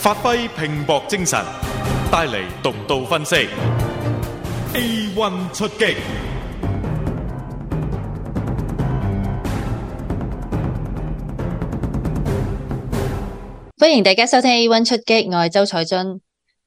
發揮拼搏精神，帶嚟獨到分析。A One 出擊，歡迎大家收聽 A One 出擊，我係周彩俊。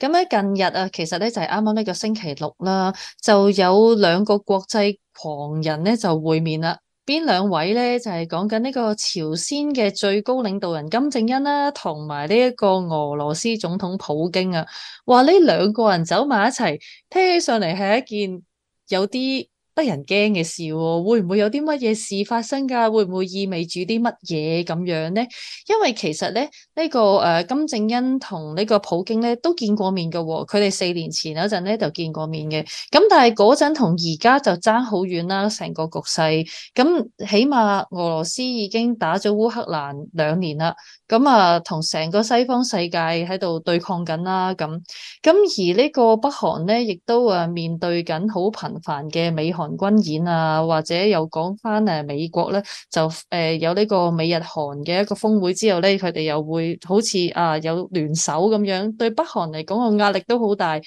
咁咧，近日啊，其實呢，就係啱啱呢個星期六啦，就有兩個國際狂人呢就會面啦。邊兩位咧，就係講緊呢個朝鮮嘅最高領導人金正恩啦、啊，同埋呢一個俄羅斯總統普京啊，話呢兩個人走埋一齊，聽起上嚟係一件有啲。得人驚嘅事、哦、會唔會有啲乜嘢事發生噶？會唔會意味住啲乜嘢咁樣咧？因為其實咧呢、呢個誒金正恩同呢個普京咧都見過面嘅、哦，佢哋四年前嗰陣咧就見過面嘅。咁但係嗰陣同而家就爭好遠啦，成個局勢。咁起碼俄羅斯已經打咗烏克蘭兩年啦。咁啊，同成個西方世界喺度對抗緊啦，咁咁而呢個北韓咧，亦都啊面對緊好頻繁嘅美韓軍演啊，或者又講返誒美國咧，就誒、呃、有呢個美日韓嘅一個峰會之後咧，佢哋又會好似啊有聯手咁樣，對北韓嚟講，個壓力都好大。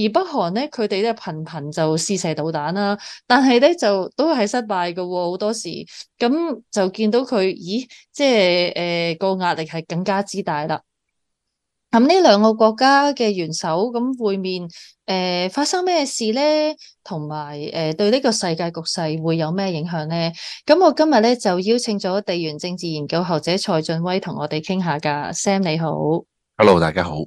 而北韓呢，佢哋呢頻頻就試射導彈啦，但係呢就都係失敗嘅，好多時咁就見到佢，咦，即係誒個壓力係更加之大啦。咁呢兩個國家嘅元首咁會面，誒、呃、發生咩事呢？同埋誒對呢個世界局勢會有咩影響呢？咁我今日呢就邀請咗地緣政治研究學者蔡俊威同我哋傾下㗎。Sam 你好，Hello 大家好。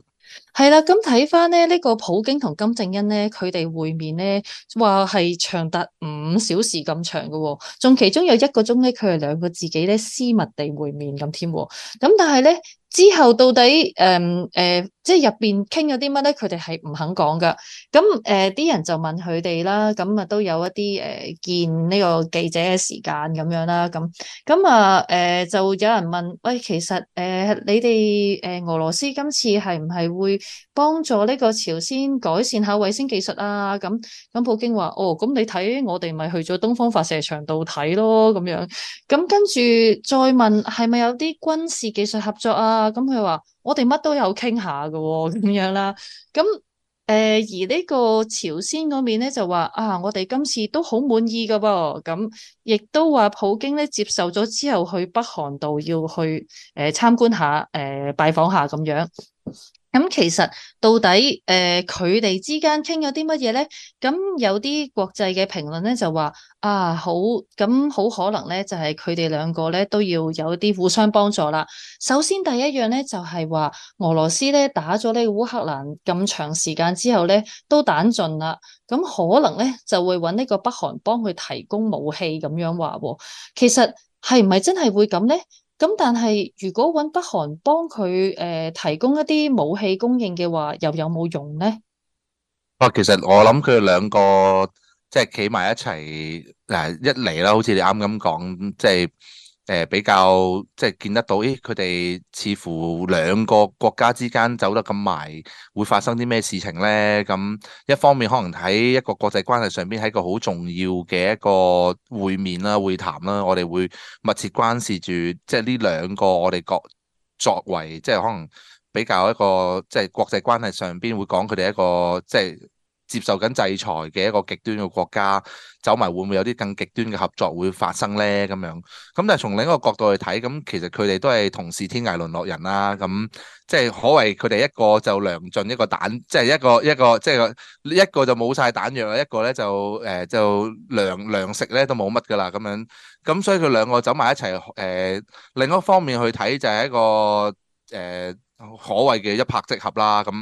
係啦，咁睇翻咧，呢個普京同金正恩咧，佢哋會面咧，話係長達五小時咁長㗎喎，仲其中有一個鐘咧，佢哋兩個自己咧，私密地會面咁添喎，咁但係咧，之後到底誒誒？呃呃即係入邊傾咗啲乜咧，佢哋係唔肯講噶。咁誒、啲、呃、人就問佢哋啦，咁啊都有一啲誒、呃、見呢個記者嘅時間咁樣啦。咁咁啊，誒、呃、就有人問，喂，其實誒、呃、你哋誒、呃、俄羅斯今次係唔係會幫助呢個朝鮮改善下衛星技術啊？咁咁普京話，哦，咁你睇我哋咪去咗東方發射場度睇咯，咁樣。咁跟住再問，係咪有啲軍事技術合作啊？咁佢話。我哋乜都有傾下㗎喎、哦，咁樣啦。咁誒、呃，而呢個朝鮮嗰邊咧就話啊，我哋今次都好滿意㗎喎、哦。咁亦都話普京咧接受咗之後，去北韓度要去誒參、呃、觀下誒、呃、拜訪下咁樣。咁其實到底誒佢哋之間傾咗啲乜嘢咧？咁有啲國際嘅評論咧就話啊好，咁好可能咧就係佢哋兩個咧都要有啲互相幫助啦。首先第一樣咧就係話俄羅斯咧打咗呢個烏克蘭咁長時間之後咧都彈盡啦，咁可能咧就會揾呢個北韓幫佢提供武器咁樣話喎。其實係唔係真係會咁咧？咁但係如果搵北韓幫佢誒提供一啲武器供應嘅話，又有冇用咧？啊，其實我諗佢兩個即係企埋一齊嗱，一嚟啦，好似你啱咁講，即係。誒、呃，比較即係見得到，咦？佢哋似乎兩個國家之間走得咁埋，會發生啲咩事情咧？咁、嗯、一方面可能喺一個國際關係上邊，係一個好重要嘅一個會面啦、會談啦，我哋會密切關視住，即係呢兩個我哋國作為，即係可能比較一個即係國際關係上邊會講佢哋一個即係。接受緊制裁嘅一個極端嘅國家，走埋會唔會有啲更極端嘅合作會發生呢？咁樣咁，但係從另一個角度去睇，咁其實佢哋都係同是天涯淪落人啦。咁即係可謂佢哋一個就糧盡一個彈，即係一個一個即係一個，一個就冇晒彈藥啦，一個咧就誒就糧糧食咧都冇乜㗎啦。咁樣咁所以佢兩個走埋一齊誒、呃，另一方面去睇就係一個誒、呃、可謂嘅一拍即合啦。咁。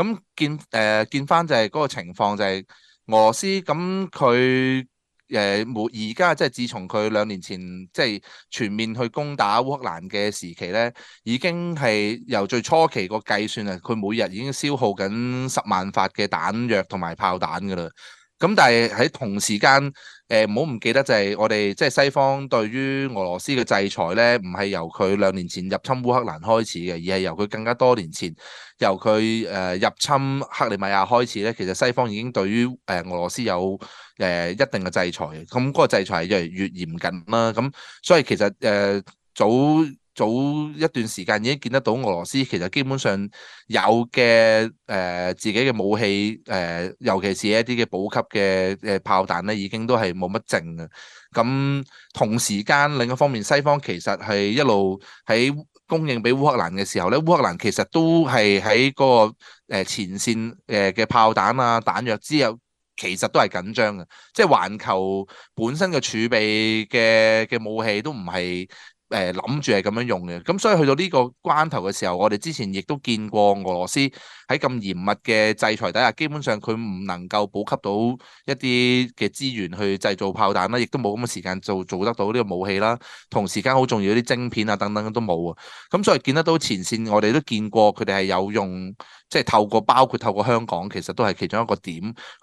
咁見誒、呃、見返就係嗰個情況，就係俄羅斯，咁佢誒冇而家，即係自從佢兩年前，即係全面去攻打烏克蘭嘅時期咧，已經係由最初期個計算啊，佢每日已經消耗緊十萬發嘅彈藥同埋炮彈㗎喇。咁但係喺同時間，誒唔好唔記得就係我哋即係西方對於俄羅斯嘅制裁咧，唔係由佢兩年前入侵烏克蘭開始嘅，而係由佢更加多年前由佢誒、呃、入侵克里米亞開始咧。其實西方已經對於誒、呃、俄羅斯有誒、呃、一定嘅制裁嘅，咁嗰個制裁越嚟越嚴謹啦。咁所以其實誒、呃、早。早一段時間已經見得到俄羅斯其實基本上有嘅誒、呃、自己嘅武器誒、呃，尤其是一啲嘅補給嘅誒炮彈咧，已經都係冇乜剩嘅。咁同時間另一方面，西方其實係一路喺供應俾烏克蘭嘅時候咧，烏克蘭其實都係喺嗰個前線誒嘅炮彈啊、彈藥之後，其實都係緊張嘅。即係環球本身嘅儲備嘅嘅武器都唔係。誒諗住係咁樣用嘅，咁所以去到呢個關頭嘅時候，我哋之前亦都見過俄羅斯喺咁嚴密嘅制裁底下，基本上佢唔能夠補給到一啲嘅資源去製造炮彈啦，亦都冇咁嘅時間做做得到呢個武器啦，同時間好重要啲晶片啊等等都冇啊。咁所以見得到前線，我哋都見過佢哋係有用，即係透過包括透過香港，其實都係其中一個點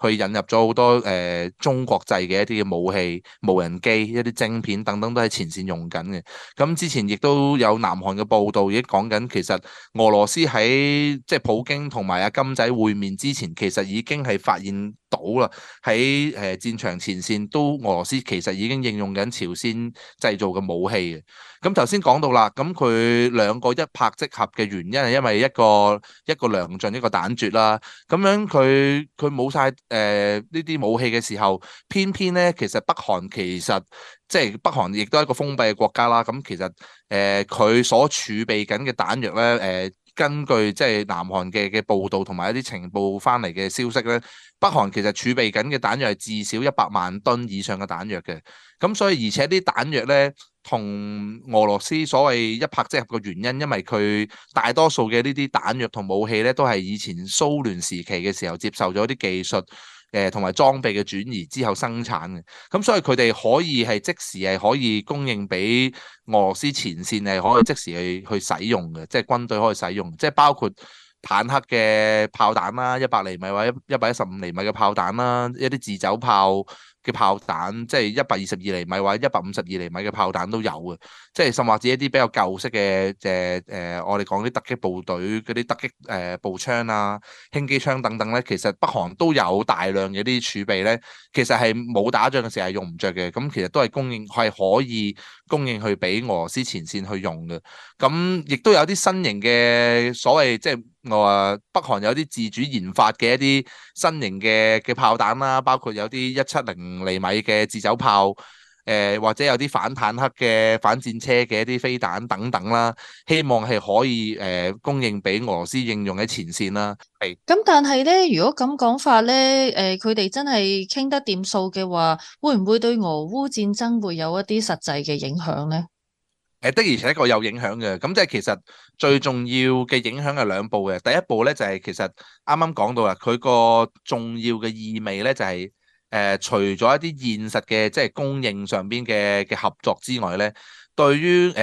去引入咗好多誒中國製嘅一啲嘅武器、無人機、一啲晶片等等都喺前線用緊嘅。咁之前亦都有南韓嘅報道，亦講緊其實俄羅斯喺即係普京同埋阿金仔會面之前，其實已經係發現到啦，喺誒戰場前線都俄羅斯其實已經應用緊朝鮮製造嘅武器嘅。咁頭先講到啦，咁佢兩個一拍即合嘅原因係因為一個一個糧盡，一個彈絕啦。咁樣佢佢冇晒誒呢啲武器嘅時候，偏偏咧其實北韓其實即係北韓亦都係一個封閉嘅國家啦。咁、嗯、其實誒佢、呃、所儲備緊嘅彈藥咧，誒、呃、根據即係南韓嘅嘅報道同埋一啲情報翻嚟嘅消息咧，北韓其實儲備緊嘅彈藥係至少一百萬噸以上嘅彈藥嘅。咁、嗯、所以而且啲彈藥咧。同俄羅斯所謂一拍即合嘅原因，因為佢大多數嘅呢啲彈藥同武器咧，都係以前蘇聯時期嘅時候接受咗啲技術，誒同埋裝備嘅轉移之後生產嘅，咁所以佢哋可以係即時係可以供應俾俄羅斯前線係，可以即時去去使用嘅，即係軍隊可以使用，即係包括坦克嘅炮彈啦，一百厘米或者一百一十五厘米嘅炮彈啦，一啲自走炮。嘅炮彈，即係一百二十二厘米或者一百五十二厘米嘅炮彈都有嘅，即係甚或至一啲比較舊式嘅，即係我哋講啲突擊部隊嗰啲突擊誒、呃、步槍啊、輕機槍等等咧，其實北韓都有大量嘅啲儲備咧，其實係冇打仗嘅時候係用唔着嘅，咁、嗯、其實都係供應係可以供應去俾俄羅斯前線去用嘅，咁、嗯、亦都有啲新型嘅所謂即係我話北韓有啲自主研發嘅一啲新型嘅嘅炮彈啦，包括有啲一七零厘米嘅自走炮，誒、呃、或者有啲反坦克嘅反戰車嘅一啲飛彈等等啦，希望係可以誒、呃、供應俾俄羅斯應用喺前線啦。係咁，但係咧，如果咁講法咧，誒佢哋真係傾得掂數嘅話，會唔會對俄烏戰爭會有一啲實際嘅影響咧？誒、呃，的而且確有影響嘅。咁即係其實最重要嘅影響係兩步嘅。第一步咧就係、是、其實啱啱講到啦，佢個重要嘅意味咧就係、是。誒，除咗一啲現實嘅即係供應上邊嘅嘅合作之外咧，對於誒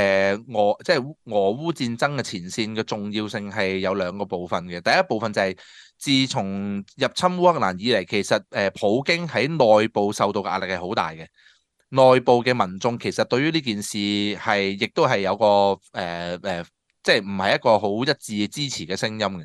俄即係俄烏戰爭嘅前線嘅重要性係有兩個部分嘅。第一部分就係自從入侵烏克蘭以嚟，其實誒普京喺內部受到嘅壓力係好大嘅。內部嘅民眾其實對於呢件事係亦都係有個誒誒，即係唔係一個好一致支持嘅聲音嘅。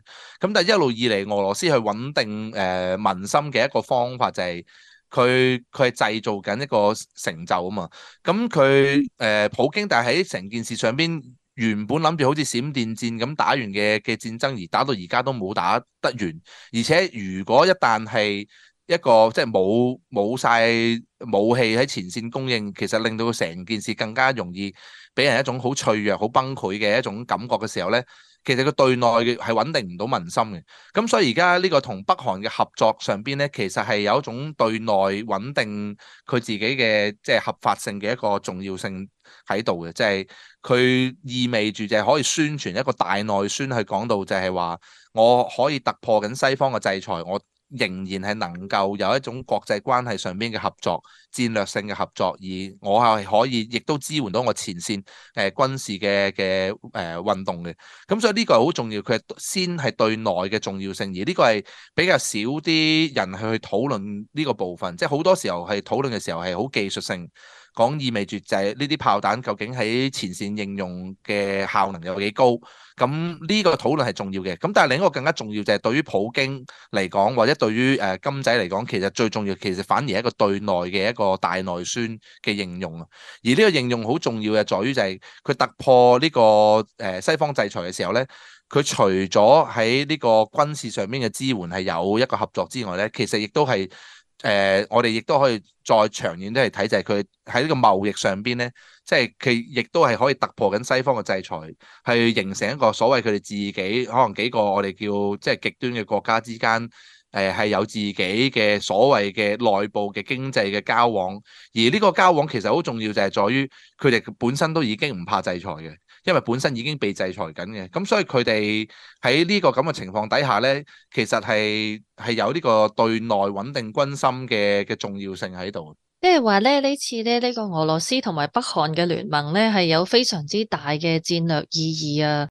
咁但係一路以嚟，俄羅斯去穩定誒民心嘅一個方法就係。佢佢係製造緊一個成就啊嘛，咁佢誒普京，但係喺成件事上邊原本諗住好似閃電戰咁打完嘅嘅戰爭，而打到而家都冇打得完，而且如果一旦係一個即係冇冇曬武器喺前線供應，其實令到成件事更加容易俾人一種好脆弱、好崩潰嘅一種感覺嘅時候咧。其實佢對內嘅係穩定唔到民心嘅，咁所以而家呢個同北韓嘅合作上邊咧，其實係有一種對內穩定佢自己嘅即係合法性嘅一個重要性喺度嘅，即係佢意味住就係可以宣傳一個大內宣去講到就係話我可以突破緊西方嘅制裁，我，仍然係能夠有一種國際關係上邊嘅合作、戰略性嘅合作，而我係可以，亦都支援到我前線誒、呃、軍事嘅嘅誒運動嘅。咁所以呢個係好重要，佢先係對內嘅重要性，而呢個係比較少啲人去討論呢個部分。即係好多時候係討論嘅時候係好技術性。講意味住就係呢啲炮彈究竟喺前線應用嘅效能有幾高？咁呢個討論係重要嘅。咁但係另一個更加重要就係對於普京嚟講，或者對於誒金仔嚟講，其實最重要其實反而係一個對內嘅一個大內宣嘅應用咯。而呢個應用好重要嘅，在於就係佢突破呢個誒西方制裁嘅時候咧，佢除咗喺呢個軍事上面嘅支援係有一個合作之外咧，其實亦都係。誒、呃，我哋亦都可以再長遠啲嚟睇就係佢喺呢個貿易上邊咧，即係佢亦都係可以突破緊西方嘅制裁，去形成一個所謂佢哋自己可能幾個我哋叫即係極端嘅國家之間。誒係有自己嘅所謂嘅內部嘅經濟嘅交往，而呢個交往其實好重要，就係在於佢哋本身都已經唔怕制裁嘅，因為本身已經被制裁緊嘅，咁所以佢哋喺呢個咁嘅情況底下咧，其實係係有呢個對內穩定軍心嘅嘅重要性喺度。即係話咧，次呢次咧呢個俄羅斯同埋北韓嘅聯盟咧，係有非常之大嘅戰略意義啊！